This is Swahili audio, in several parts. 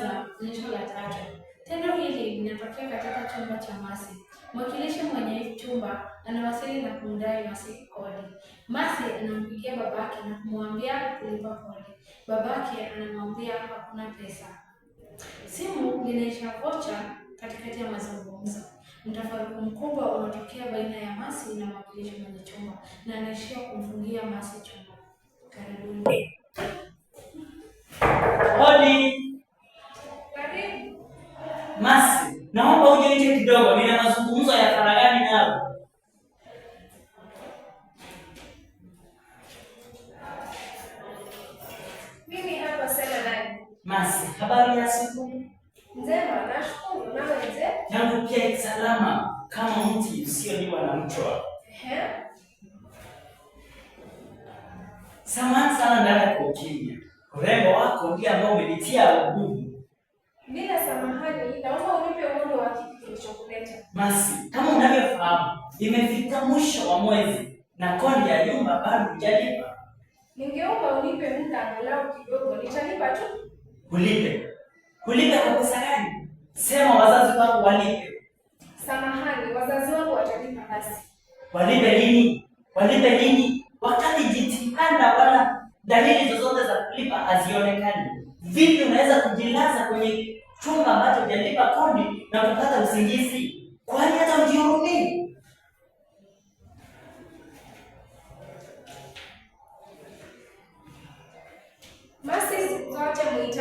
kwanza onyesho la tatu. Tendo hili linatokea katika chumba cha masi Mwakilishi mwenye chumba anawasili na kumdai masi kodi. masi anampigia babake na kumwambia kulipa kodi. Babake anamwambia hakuna pesa. Simu linaisha kocha katikati ya mazungumzo. Mtafaruku mkubwa unatokea baina ya masi na mwakilishi mwenye chumba na anaishia kumfungia masi chumba. Karibuni. Mimi hapa sema nani? Masi, habari ya siku? Njema, nashukuru. Nawe je? Yangu pia ni salama kama mti usiyoliwa na mchwa. Ehe. Samahani sana ndani kwa ukimya. Urembo wako ndiye ambao umenitia ugumu. Bila samahani, naomba unipe uhuru wa kitu kilichokuleta. Masi, kama unavyofahamu, imefika mwisho wa mwezi na kodi ya nyumba bado hujalipa. Ningeomba unipe muda angalau kidogo, nitalipa tu. Kulipe kulipe kwa pesa gani? Sema wazazi wako walipe. Samahani, wazazi wako watalipa basi. Walipe lini? Walipe lini wakati jitihada wala dalili zozote za kulipa hazionekani? Vipi unaweza kujilaza kwenye chumba ambacho hujalipa kodi na kupata usingizi? Kwani hata ujihurumii?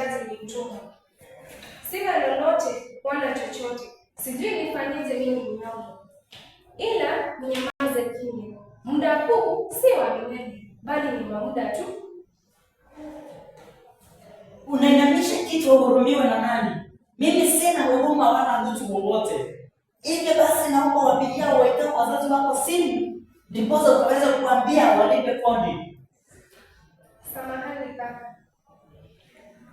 hitaji nimtume. Sina lolote wala chochote, sijui nifanyize nini mnamo, ila ninyamaze kimya. Muda huu si wa milele, bali ni wa muda tu. Unainamisha kitu uhurumiwe na nani? Mimi sina huruma wala mtu wowote. Hivyo basi, naomba wapigia waita wazazi wako simu, ndiposa utaweza kuambia walipe kodi. Samahani kaka.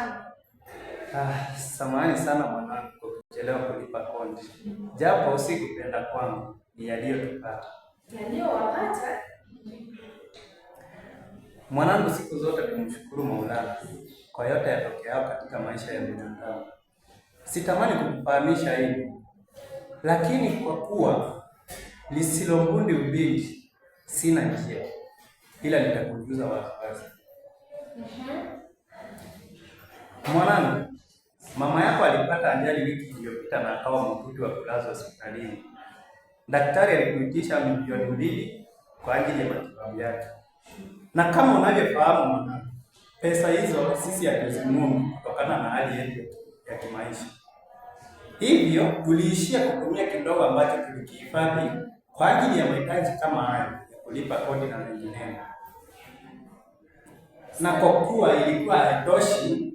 sana. Ah, samahani sana mwanangu kwa kuchelewa kulipa kodi. Japo usikupenda kwangu, ni yaliyotupata. Yaliyowapata? Mwanangu, siku zote kumshukuru Maulana kwa yote yatokeao katika maisha ya mwanadamu. Sitamani kukufahamisha hivi, lakini kwa kuwa lisilogundi ubinti, sina njia ila nitakujuza waziwazi. Mhm. Mwanangu, mama yako alipata ajali wiki iliyopita na akawa maututi wa kulazwa hospitalini. Daktari alikuitisha milioni mbili kwa ajili ya matibabu yake, na kama unavyofahamu mwanangu, pesa hizo sisi hatuzimudu kutokana na hali yetu ya kimaisha, hivyo tuliishia kutumia kidogo ambacho tulikihifadhi kwa ajili ya mahitaji kama hayo ya kulipa kodi na mengineyo, na kwa kuwa ilikuwa haitoshi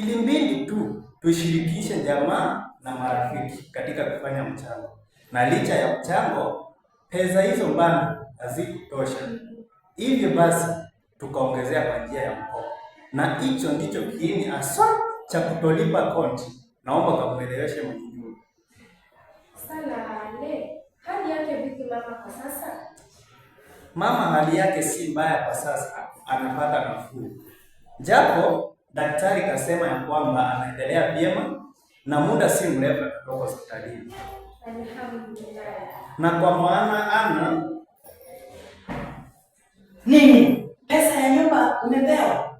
ili mbili tu tushirikishe jamaa na marafiki katika kufanya mchango, na licha ya mchango, pesa hizo bado hazikutosha. Hivyo basi tukaongezea kwa njia ya mkopo, na hicho ndicho kiini haswa cha kutolipa konti. Naomba kamueleweshe mwenyewe sana. Ale, hali yake vipi mama kwa sasa? Mama hali yake si mbaya kwa sasa, anapata nafuu japo Daktari kasema ya kwamba anaendelea vyema na muda si mrefu atatoka hospitalini, na kwa maana ana nini, pesa ya nyumba umepewa.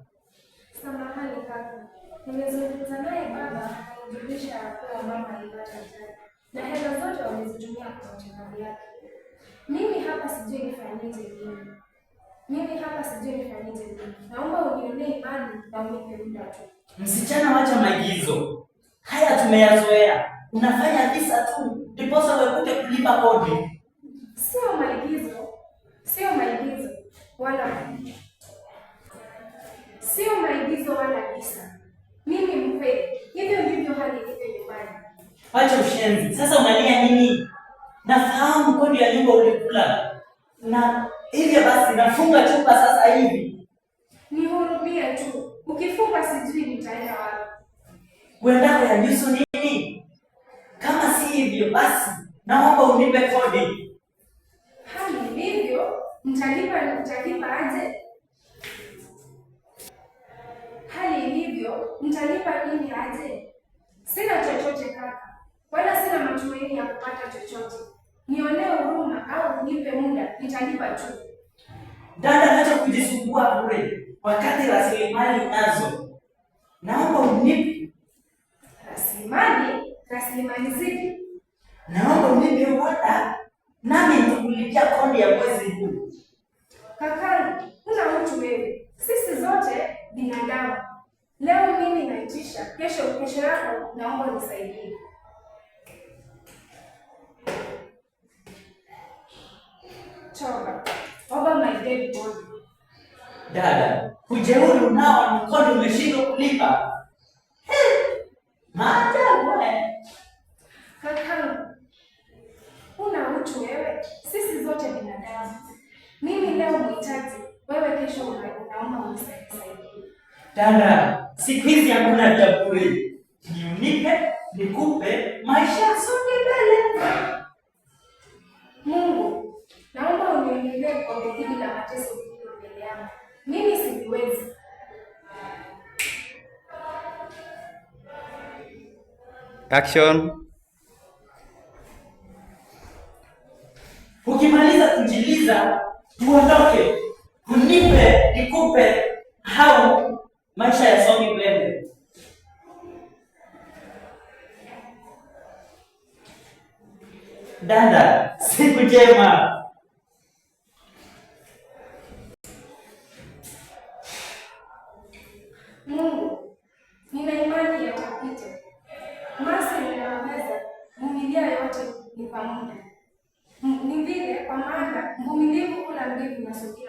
Samahani kaka, nimezungumza naye baba, akanijulisha kuwa mama alipata ajali na hela zote wamezitumia kwa matibabu yake. Mimi hapa sijui nifanyije. Mimi hapa sijui nifanyeje, Naomba unionee imani na unipe muda tu. Msichana, wacha maigizo haya, tumeyazoea. Unafanya visa tu ndiposa uepute kulipa kodi. Sio maigizo, sio maigizo wala sio maigizo wala visa. Mimi mkweli, hivyo ndivyo hali ilivyo nyumbani. Wacha ushenzi sasa. unalia nini? Nafahamu kodi ya nyumba ulikula na Hivyo basi nafunga chupa sasa hivi. Nihurumie tu. Ukifunga sijui nitaenda wapi. ya yajusu nini? Kama si hivyo basi naomba unipe kodi. Hali hivyo mtalipa na mtalipa aje? Hali ilivyo mtalipa nini aje? Sina chochote kaka. Wala sina matumaini ya kupata chochote nionee huruma au nipe muda, nitalipa tu. Dada, acha kujisumbua bure wakati rasilimali nazo. Naomba unipe rasilimali. Rasilimali zipi? Naomba unipe wada, nami nitakulipia kodi ya mwezi huu. Kaka, una mtu wewe, sisi zote binadamu. Leo mimi naitisha, kesho kesho yako naomba nisaidie. Dada, kujeuri unao mkono umeshindwa kulipa. Maajabu eh. Kaka, una mtu wewe, sisi zote binadamu. Mimi leo mhitaji wewe kesho unaomba unisaidie. Dada, siku hizi hakuna jamhuri. Niunipe, nikupe, maisha yasonge mbele. Mungu nielete vikombe hivi na mateso vilivyo mbele yangu. Mimi siwezi. Action. Ukimaliza kujiliza tuondoke, kunipe nikupe, hao maisha ya somi blende. Dada, siku njema. 嗯。